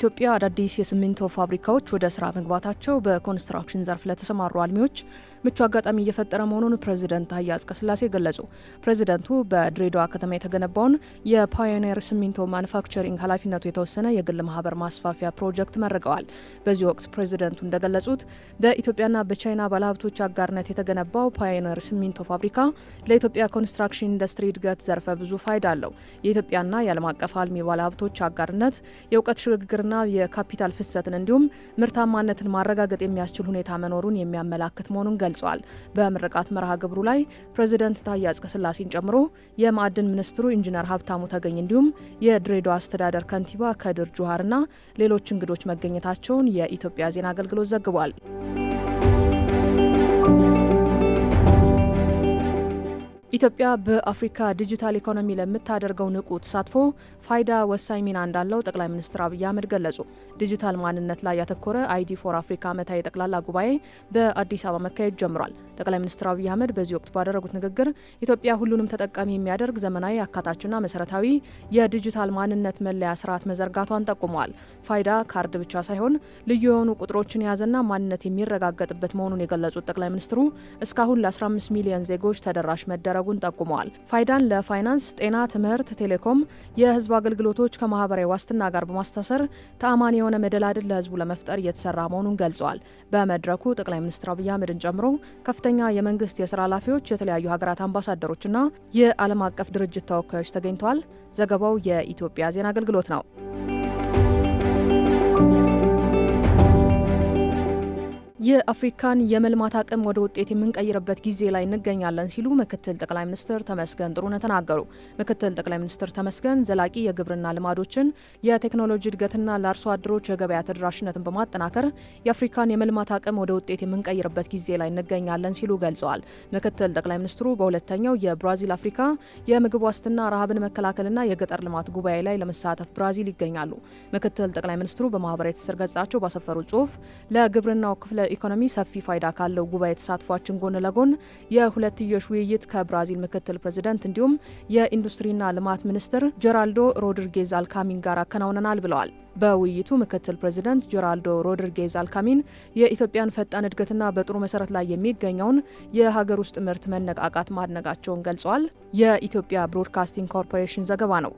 በኢትዮጵያ አዳዲስ የሲሚንቶ ፋብሪካዎች ወደ ስራ መግባታቸው በኮንስትራክሽን ዘርፍ ለተሰማሩ አልሚዎች ምቹ አጋጣሚ እየፈጠረ መሆኑን ፕሬዚደንት ታዬ አጽቀሥላሴ ገለጹ። ፕሬዚደንቱ በድሬዳዋ ከተማ የተገነባውን የፓዮኒር ሲሚንቶ ማኑፋክቸሪንግ ኃላፊነቱ የተወሰነ የግል ማህበር ማስፋፊያ ፕሮጀክት መርቀዋል። በዚህ ወቅት ፕሬዚደንቱ እንደገለጹት በኢትዮጵያና በቻይና ባለሀብቶች አጋርነት የተገነባው ፓዮኒር ሲሚንቶ ፋብሪካ ለኢትዮጵያ ኮንስትራክሽን ኢንዱስትሪ እድገት ዘርፈ ብዙ ፋይዳ አለው። የኢትዮጵያና የዓለም አቀፍ አልሚ ባለሀብቶች አጋርነት የእውቀት ሽግግርና የካፒታል ፍሰትን እንዲሁም ምርታማነትን ማረጋገጥ የሚያስችል ሁኔታ መኖሩን የሚያመላክት መሆኑን ገ ገልጿል። በምርቃት መርሃ ግብሩ ላይ ፕሬዚደንት ታዬ አጽቀሥላሴን ጨምሮ የማዕድን ሚኒስትሩ ኢንጂነር ሀብታሙ ተገኝ እንዲሁም የድሬዳዋ አስተዳደር ከንቲባ ከድር ጁሃርና ሌሎች እንግዶች መገኘታቸውን የኢትዮጵያ ዜና አገልግሎት ዘግቧል። ኢትዮጵያ በአፍሪካ ዲጂታል ኢኮኖሚ ለምታደርገው ንቁ ተሳትፎ ፋይዳ ወሳኝ ሚና እንዳለው ጠቅላይ ሚኒስትር አብይ አህመድ ገለጹ። ዲጂታል ማንነት ላይ ያተኮረ አይዲ ፎር አፍሪካ ዓመታዊ ጠቅላላ ጉባኤ በአዲስ አበባ መካሄድ ጀምሯል። ጠቅላይ ሚኒስትር አብይ አህመድ በዚህ ወቅት ባደረጉት ንግግር ኢትዮጵያ ሁሉንም ተጠቃሚ የሚያደርግ ዘመናዊ አካታችና መሰረታዊ የዲጂታል ማንነት መለያ ስርዓት መዘርጋቷን ጠቁመዋል። ፋይዳ ካርድ ብቻ ሳይሆን ልዩ የሆኑ ቁጥሮችን የያዘና ማንነት የሚረጋገጥበት መሆኑን የገለጹት ጠቅላይ ሚኒስትሩ እስካሁን ለ15 ሚሊዮን ዜጎች ተደራሽ መደረ መደረጉን ጠቁመዋል። ፋይዳን ለፋይናንስ፣ ጤና፣ ትምህርት፣ ቴሌኮም፣ የህዝብ አገልግሎቶች ከማህበራዊ ዋስትና ጋር በማስታሰር ተአማኒ የሆነ መደላድል ለህዝቡ ለመፍጠር እየተሰራ መሆኑን ገልጸዋል። በመድረኩ ጠቅላይ ሚኒስትር አብይ አህመድን ጨምሮ ከፍተኛ የመንግስት የስራ ኃላፊዎች፣ የተለያዩ ሀገራት አምባሳደሮችና የዓለም አቀፍ ድርጅት ተወካዮች ተገኝተዋል። ዘገባው የኢትዮጵያ ዜና አገልግሎት ነው። የአፍሪካን የመልማት አቅም ወደ ውጤት የምንቀይርበት ጊዜ ላይ እንገኛለን ሲሉ ምክትል ጠቅላይ ሚኒስትር ተመስገን ጥሩነህ ተናገሩ። ምክትል ጠቅላይ ሚኒስትር ተመስገን ዘላቂ የግብርና ልማዶችን፣ የቴክኖሎጂ እድገትና ለአርሶ አደሮች የገበያ ተደራሽነትን በማጠናከር የአፍሪካን የመልማት አቅም ወደ ውጤት የምንቀይርበት ጊዜ ላይ እንገኛለን ሲሉ ገልጸዋል። ምክትል ጠቅላይ ሚኒስትሩ በሁለተኛው የብራዚል አፍሪካ የምግብ ዋስትና ረሃብን መከላከልና የገጠር ልማት ጉባኤ ላይ ለመሳተፍ ብራዚል ይገኛሉ። ምክትል ጠቅላይ ሚኒስትሩ በማህበራዊ ትስስር ገጻቸው ባሰፈሩ ጽሁፍ ለግብርናው ክፍለ ኢኮኖሚ ሰፊ ፋይዳ ካለው ጉባኤ ተሳትፏችን ጎን ለጎን የሁለትዮሽ ውይይት ከብራዚል ምክትል ፕሬዚደንት እንዲሁም የኢንዱስትሪና ልማት ሚኒስትር ጀራልዶ ሮድሪጌዝ አልካሚን ጋር አከናውነናል ብለዋል። በውይይቱ ምክትል ፕሬዚደንት ጀራልዶ ሮድሪጌዝ አልካሚን የኢትዮጵያን ፈጣን እድገትና በጥሩ መሰረት ላይ የሚገኘውን የሀገር ውስጥ ምርት መነቃቃት ማድነቃቸውን ገልጸዋል። የኢትዮጵያ ብሮድካስቲንግ ኮርፖሬሽን ዘገባ ነው።